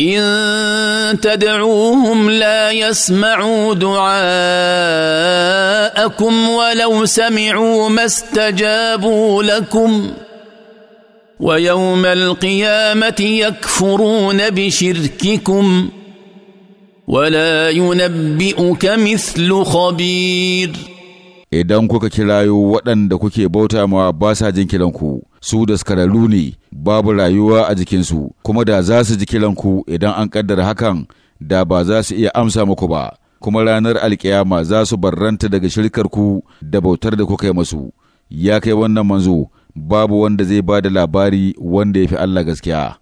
ان تدعوهم لا يسمعوا دعاءكم ولو سمعوا ما استجابوا لكم ويوم القيامه يكفرون بشرككم ولا ينبئك مثل خبير idan kuka kirayo waɗanda kuke bauta ma ba sa jin kiranku su daskararru ne babu rayuwa a jikinsu kuma da za su ji kiranku idan an kaddara hakan da ba za su iya amsa muku ba kuma ranar alkiyama za su barranta daga shirkarku da bautar da kuka yi masu ya kai wannan manzo babu wanda zai ba da labari wanda ya fi Allah gaskiya